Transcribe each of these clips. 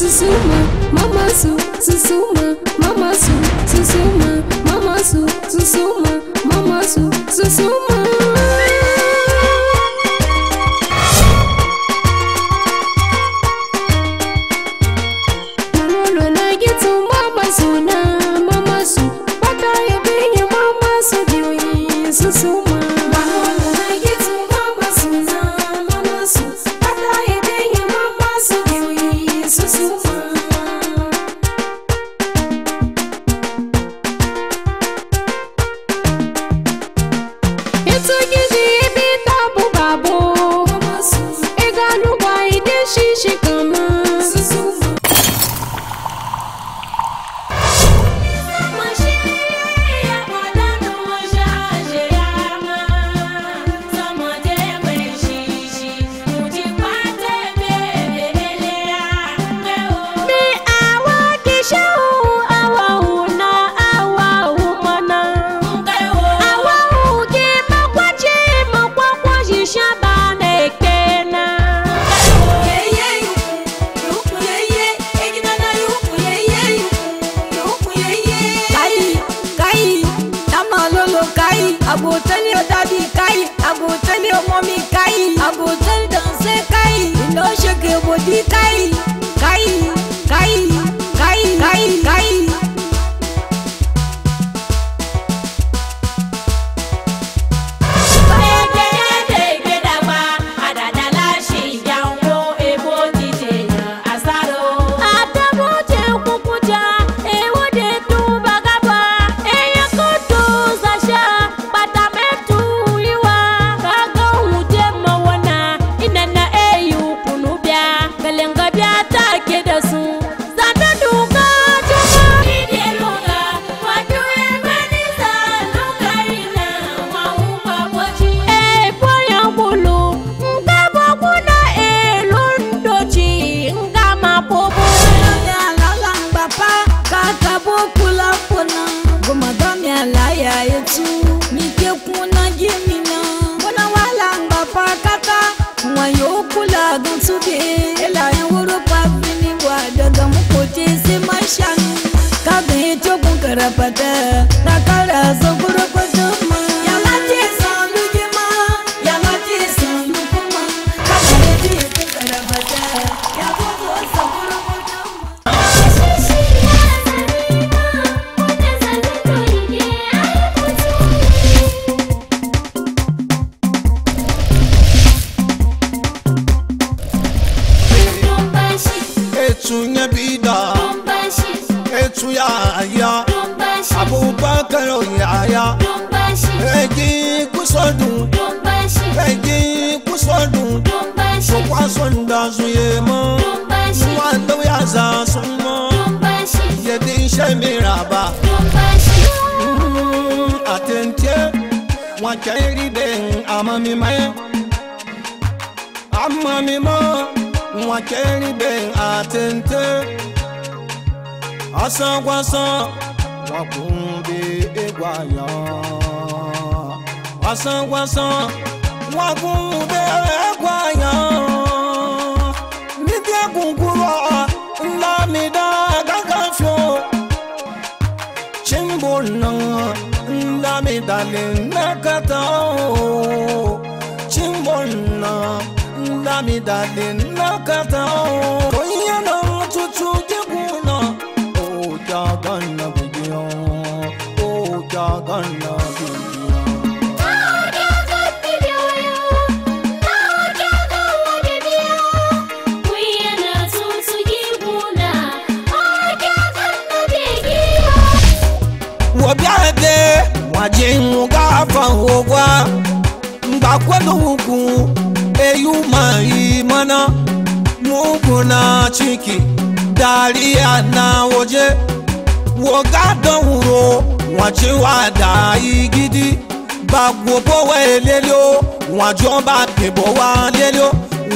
Susuma, Mama Su, Susuma, Mama Su, Susuma, Mama Su, Susuma, Mama Su, Susuma. abotan yau dadi kai abotan yau mami kai abotan danse kai ino shake bodi kai ce mira ba mm, atente wancan riden amami mai amami ma wancan riden atente asangwasan wakun bi egwaya asangwasan wakun bi egwaya níbi egungun rọ ńlá mi dá. mbona ndami dali nakata o chimbona ndami dali nakata nugu eyu mai mana muguna chiki, dariya na waje woga don wuro wace wa da igidi ba gbogbo wa elele o wajo ba bebo wa lele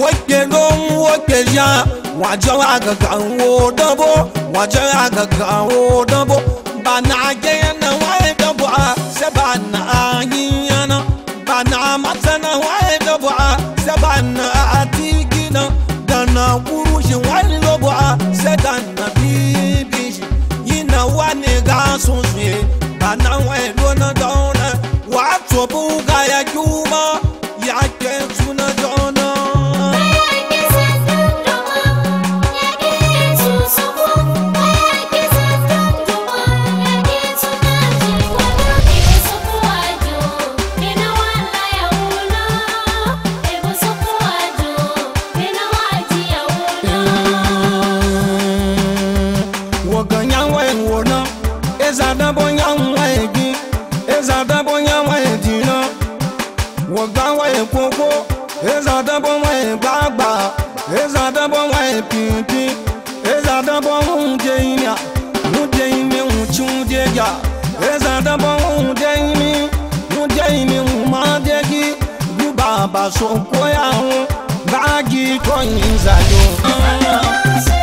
woke lo woke ya wajo agaga n wo dambo agaga n wo dambo ba na aje na wa dambo a se ba na ayin anama tana wani lobua seba na ati gina dana wuru shi wani lobua seda na bibi shi yina wani ga sun shi dana wani lona dauna wato buga ya kyuma coins I do.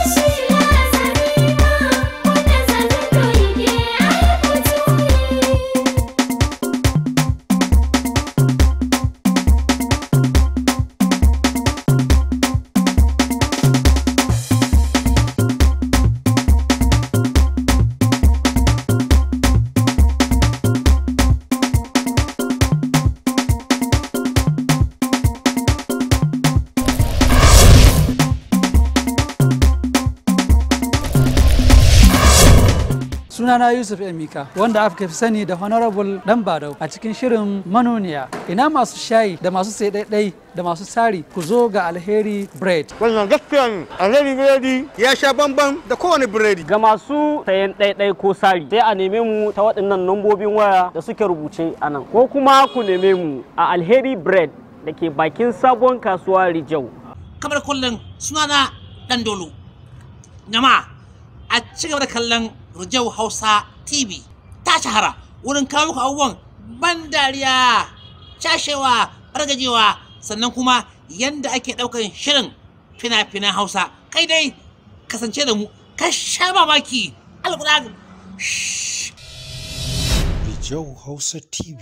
Yusuf Emika wanda aka fi sani da Honorable Dan Badau a cikin shirin manoniya. Ina masu shayi da masu sai ɗaiɗai da masu sari ku zo ga alheri bread. Wannan gaskiya alheri biredi ya sha bamban da kowane biredi. Ga masu sayan ɗaiɗai ko sari sai a neme mu ta waɗannan lambobin waya da suke rubuce a nan. Ko kuma ku neme mu a alheri bread da ke bakin sabon kasuwa Rijau. Kamar kullum Dandolo. Jama'a a cigaba da kallon Rujau Hausa TV ta shahara wurin kawo muku abubuwan ban dariya, cashewa, ɓargajewa sannan kuma yanda ake ɗaukan shirin fina-finan Hausa. Kai dai kasance da mu, ka sha mamaki alƙulag. Rujau Hausa TV.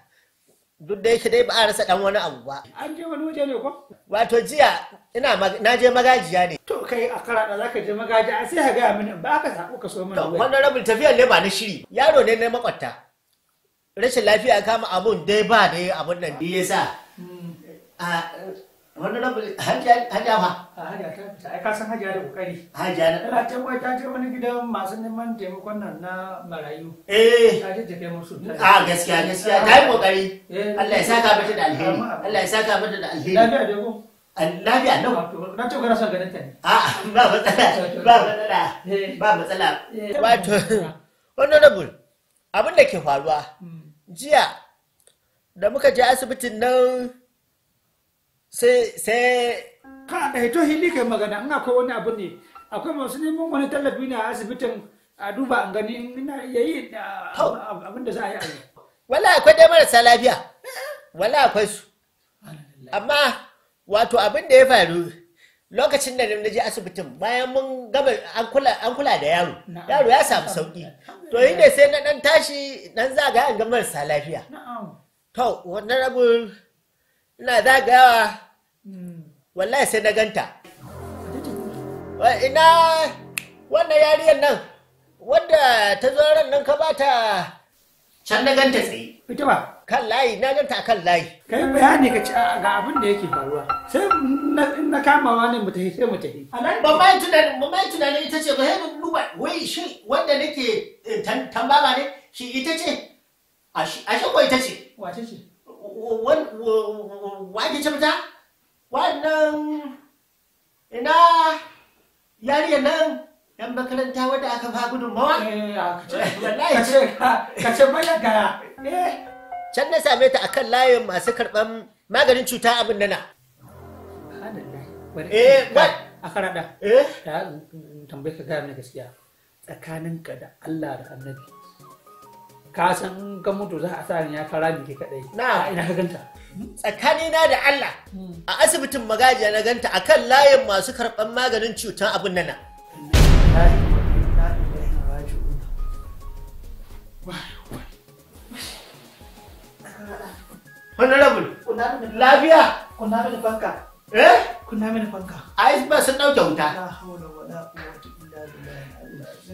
duk da yake dai ba a rasa dan wani abu ba. An je wani waje ne ko? Wato jiya ina na je magajiya ne. To kai a karaɗa za ka je magajiya a sai ka gaya mini ba ka sako ka so mana. To wannan rabin tafiyar ne ba na shiri. Yaro ne na makwatta. Rashin lafiya kama abun dai ba dai abun nan. Me yasa? Hmm. Ah, Wannan rabin hajiya fa a hajiya ta fita ai kasan hajiya da kokari hajiya na tana ta kwai ta wani gidan masu neman taimakon nan na marayu eh ta je musu a gaskiya gaskiya ta yi kokari eh. Allah ya saka mata da alheri Allah ya saka mata da alheri lafiya da ko lafiya lau na ce kana son ganin ta ne a ba matsala ba matsala eh. ba matsala eh. wato honorable abin da ke faruwa hmm. jiya da muka je asibitin nan sai sai kana da hito hili kai magana ina akwai wani abu ne akwai masu neman wani tallafi ne a asibitin a duba an gani ina iya abin da za a yi a wala akwai dai marasa lafiya wala akwai su amma wato abin da ya faru lokacin da na je asibitin bayan mun gaba an kula da yaro yaro ya samu sauki to inda sai na dan tashi dan zaga ga marasa lafiya to wannan abin ina zagayawa hmm. wallahi sai na ganta ina wannan yariyar nan wadda ta zo ran nan ka bata can na ganta tsaye ita ba kan layi na ganta kan layi kai bayani ka ci ga abin da yake faruwa sai na kama wani mu tafi sai mu tafi ba mai tunanin ba mai tunanin ita ce ba sai mun duba wai shi wanda nake eh, tambaba ne shi ita ce a shi ko ita ce wace ce wake ce mata wannan ina yariya nan yan makaranta wadda aka fa gudunmawa eh, ka ce bayan gara eh. can na same ta akan layin masu karɓar maganin cuta abin nana eh a karada eh tambaye ka gaya gaskiya tsakaninka da Allah da annabi ka san ka mutu za a sa ya kara ni kadai na ina ka ganta tsakanina da Allah hmm. a asibitin magajiya na ganta akan layin masu karɓar maganin cutar abin nan Honorable, lafiya? Kuna mini fanka. Eh? Kuna mini fanka. Ai ba sun dauke wuta. La haula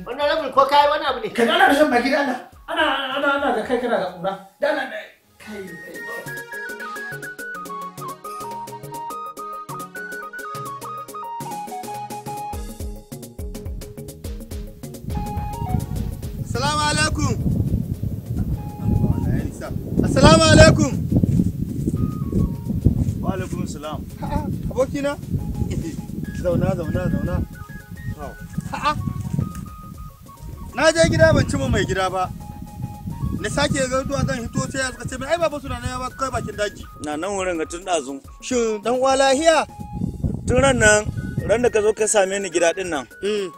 Honorable ko kai wani abu ne? Kana da shan baki da Allah. ana ana ana ga kai kana ga ƙura da ana da kai kai Assalamu alaikum. Assalamu alaikum. Wa alaikum salam. na? Zauna zauna zauna. Na je gida ban ci mai gida ba. na sake ga duwa zan hito sai ya ce ai baba suna na ya kai bakin daji na nan wurin ga tun dazu shin dan uwa lahiya tun ran nan ran da ka zo ka same ni gida din nan hmm.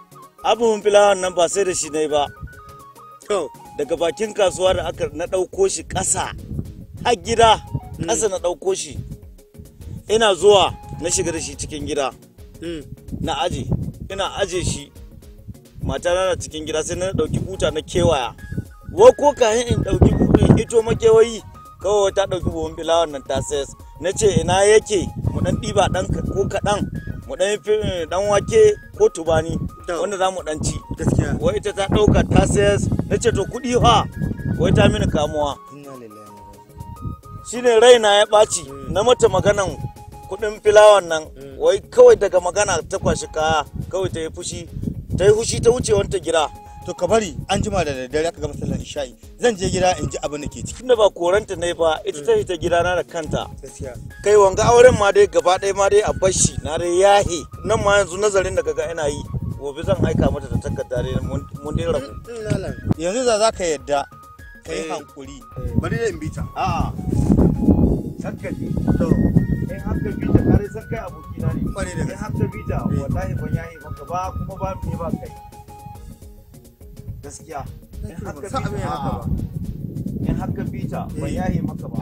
abubuwan filawan nan ba sai da shi ne ba daga bakin kasuwa da aka na dauko shi kasa a gida kasa hmm. na ɗauko shi ina zuwa na shiga da shi cikin gida hmm. na aje ina aje shi mata na cikin gida sai na dauki buta na kewaya wa ko kayan in ɗauki in ito makewayi kawai ta ɗauki buhun filawa nan ta sayas na ce ina yake mu ɗan ɗiba ɗan ko kaɗan mu ɗan eh, ɗan wake ko tubani wanda za mu ɗan ci wai ita ta ɗauka ta sayas na ce to kuɗi fa wai ta mini kamuwa shine raina ya ɓaci hmm. na mata maganan kuɗin filawan nan hmm. wai kawai daga magana ta kwashi kaya kawai ta yi fushi ta yi fushi ta wuce wanta gira to ka bari an jima da daddare aka gama sallar isha'i zan je gida in ji abin da ke ciki tunda ba koranta ne ba ita ta ta gida na da kanta kai wanga auren ma dai gaba ɗaya ma dai a bashi na dai yahe nan ma yanzu nazarin da kaga ina yi gobe zan aika mata da takarda ne mun dai rabu mm, mm, yanzu za za ka yadda ka yi eh. hankuri eh. bari da in bi ta a'a takkadi to in hafta bi ta kare san kai abokina ne kwarai da kai haka bi ta wallahi ban yahi maka ba kuma ba mu ne ba kai gaskiya in haka bita in haka bita ban eh. yaye maka ba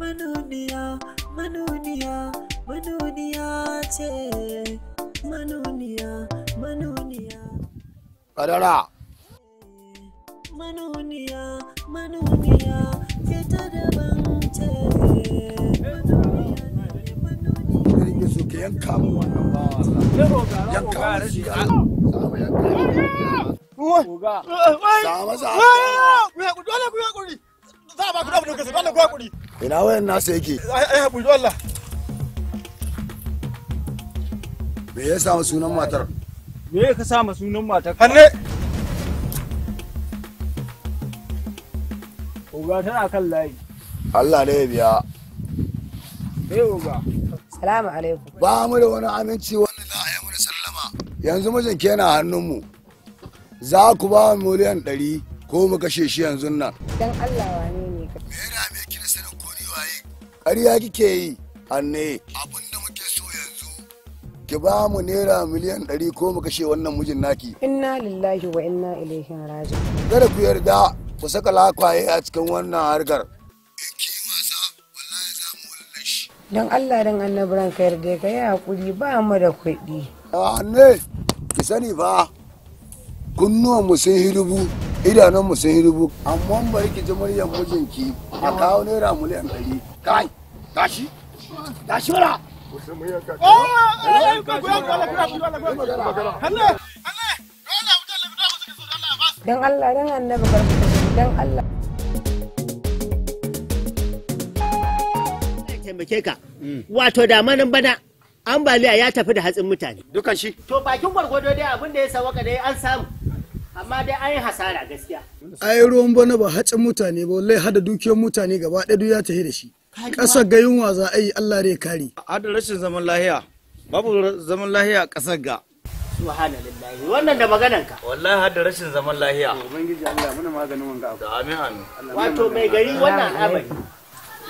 manuniya manuniya manuniya manuniya ce manuniya manuniya kadara manuniya manuniya ke ta daban ce yanka mu wannan bawa yanka mu yanka mu za a baka da kasa ko hakuri ina wayan nasa yake ai hakuri Allah me ya samu sunan matar me ya ka samu sunan matar hanne Oga tana kan layi. Allah ne ya biya. Eh Oga. Salamu alaikum. Ba mu da wani aminci wanda za a yi mana sallama. Yanzu mijin ke na hannunmu. Za ku ba mu miliyan ɗari ko mu kashe shi yanzu nan. Dan Allah wa ne ka. Mera me kina sanin kori waye? Ƙarya kike yi, Anne. Abun da muke so yanzu. Ki ba mu naira miliyan ɗari ko mu kashe wannan mijin naki. Inna lillahi wa inna ilaihi raji'un. Kada ku yarda ku saka lakwaye a cikin wannan harkar. Don Allah don annabi ranka yarda ka yi hakuri ba mu da kuɗi. Anne, ki sani fa, kunnuwanmu sun hidubu. mu sun yi rubu amma ba yake ji muryar mijinki a kawo naira miliyan ɗari kai tashi tashi wala Dan Allah, dan annabi barka dan Allah. taimake ka. Wato da manan bana ambaliya ya tafi da hatsin mutane. Dukan shi. To bakin gwargwado dai abin da ya sawaka dai an samu. amma dai an yi hasara gaskiya ai ruwan bana ba hacin mutane ba wallahi hada dukiyar mutane gaba ɗaya duk ya tafi da shi ƙasar ga yunwa za a yi Allah ya kare hada rashin zaman lahiya babu zaman lahiya ƙasar ga subhanallahi wannan da maganan ka wallahi hada rashin zaman lahiya ubangiji Allah muna maganin wanga abu amin amin wato mai gari wannan abai.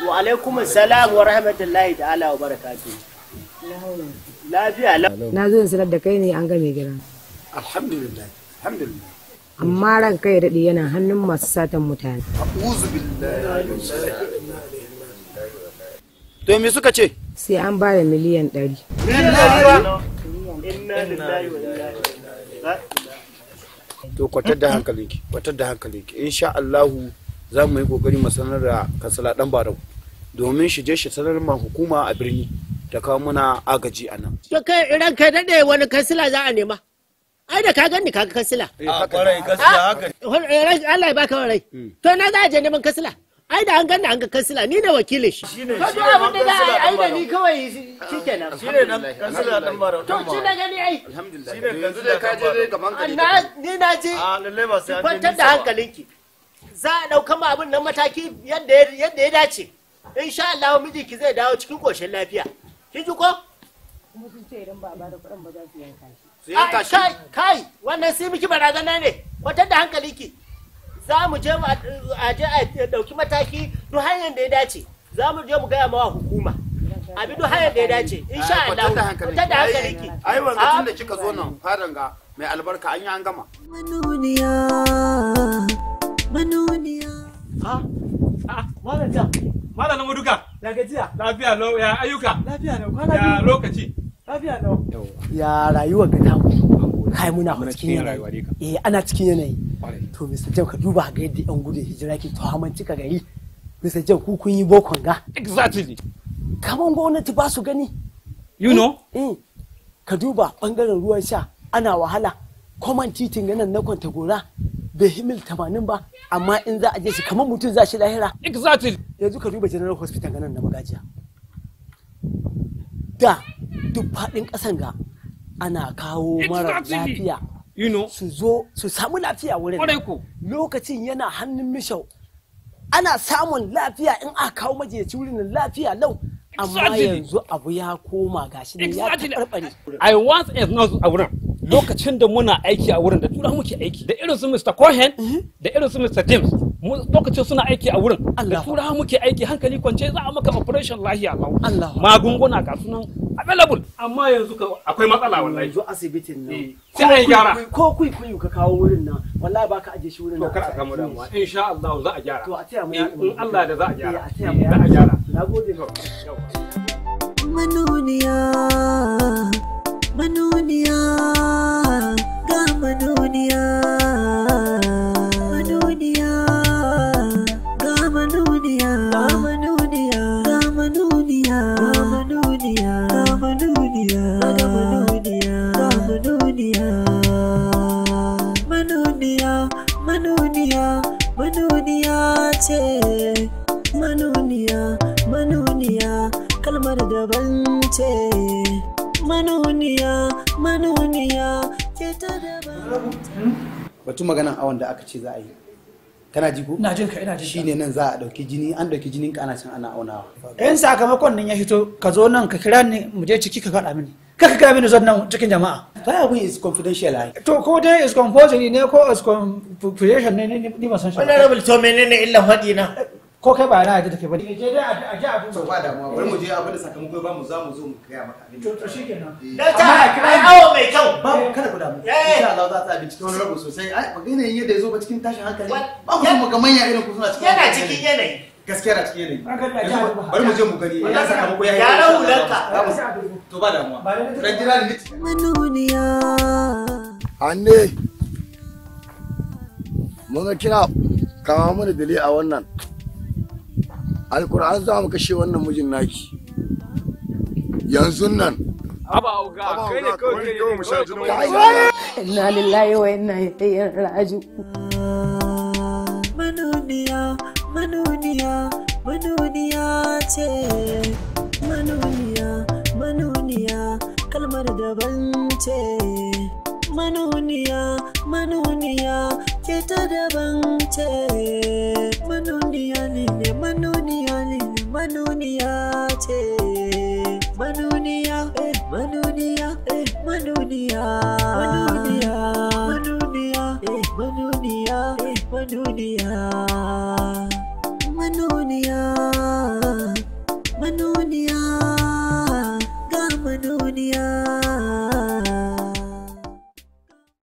wa alaikum assalam wa rahmatullahi ta'ala wa barakatuh lafiya na zo sanar da kai ne an ga mai gidan alhamdulillah alhamdulillah amma ran kai daɗe yana hannun masu satan mutane. To me suka ce? Sai an ba da miliyan ɗari. To kwatar da hankalinki, kwatar da hankalinki. Insha Allahu za mu yi kokari mu sanar da kansala ɗan barau domin shi je shi sanar ma hukuma a birni ta kawo muna agaji a nan. To kai kai daɗe wani kansila za a nema? ai da ka gani ka ga kansila eh, kwarai ah, eh, Allah ya baka warai. Hmm. to na za a je neman kansila ai da an gani an ga kansila ni ne wakilin shi ko shi abin da za a ai da ni kawai shi shine dan kasila dan bara to shi da gani ai alhamdulillah shine kansila ka je kaman ka na ni na ji ah, a sai an kwantar da hankalinki za a dauka ma abin nan mataki yadda yadda ya dace insha Allah miji ki zai dawo cikin koshin lafiya kin ji ko kuma sun ce idan ba ba da kuɗin ba za su yanka shi. Su yanka shi? Kai, kai, wannan sai miki barazana ne, kwatar da hankali ki. Za mu je a je a ɗauki mataki duk hanyar da ya dace. Za mu je mu gaya mawa hukuma. Abi duk hanyar da ya dace. Insha Allah, kwatar da hankali ki. Ai, wanda tun da kika zo nan fadan ga mai albarka an yi an gama. Manuniya, manuniya. Ha? Ha? Malam Malam na muduka. Na Lafiya ya ayyuka. Lafiya lau kwana Ya lokaci. ya rayuwar ga tamu kai muna cikin yanayi eh ana cikin yanayi to Mr. Jam ka duba ga yadda yan gudun hijira ke to hamanci ka gari Mr. Jam ku kun yi bokon ga exactly kaman gwamnati ba su gani you know eh ka duba bangaren ruwan sha ana wahala common titin ganin na kwanta gora bai himil tamanin ba amma in za a je shi kamar mutum za shi lahira exactly yanzu ka duba general hospital ganin na magajiya da duk faɗin ƙasan ga ana kawo mara lafiya su zo su samu lafiya wurin lokacin yana hannun mishau ana samun lafiya in aka kawo majiyaci wurin lafiya lau amma yanzu abu ya koma gashi ne ya taɓarɓare i want a nurse a wurin lokacin da muna aiki a wurin da tura muke aiki da irin su mr cohen mhm. da irin su mr james lokacin suna aiki a wurin da tura muke aiki hankali kwance za a maka operation lahiya lau magunguna ga sunan available amma yanzu ka akwai matsala wallahi zo asibitin nan eh, sai an gyara ko kui kuyu ka kawo wurin nan wallahi baka aje shi wurin nan to kar a samu damuwa insha Allah za a gyara to a taya mu eh, in Allah da za a gyara eh, a za a gyara nagode manuniya manuniya ga manuniya manuniya Ramanuniya Ramanuniya Ramanuniya Ramanuniya Ramanuniya Manuniya Manuniya ce Manuniya Manuniya kalmar daban ce Manuniya Manuniya ta daban Batu magana awon da aka ce za a yi kana ji ko ina jin ka ina jin shine nan za a dauki jini an dauki jinin ka ana can ana aunawa in sakamakon nan ya hito ka zo nan ka kira ni mu je ciki ka faɗa mini ka ka kira mini zo nan cikin jama'a ba abun is confidential ai to ko dai is compulsory ne ko is confidential ne ni ba san shi honorable to menene illan haɗi na ko kai ba na yadda take bane je dai a ji abu to ba damuwa bari mu je abin da sakamako ba mu za mu zo mu kai maka abin to to shikenan eh. dan ta ai awo mai kyau ba kada ku damu eh. insha Allah za ta bincike wani rabo sosai ai ba magana yin yadda yazo ba cikin tashin hankali ba ku mu ga manya irin ku suna cikin yana cikin yanayi gaskiya na cikin yanayi bari mu je mu gani ya sakamako ya yi ya rawu lanka to ba damuwa ran jira ni manuniya anne mun ga kira kawo mana dali a wannan alkur'an za mu kashe wannan mijin naki yanzu nan inna lillahi wa inna ilaihi raji'un manuniya manuniya manuniya ce manuniya manuniya kalmar daban ce manuniya manuniya ke ta daban ce manuniya ne ne manuniya ne manuniya ce manuniya eh, manuniya eh manuniya manuniya manuniya eh, manuniya eh manuniya manuniya manuniya ga manuniya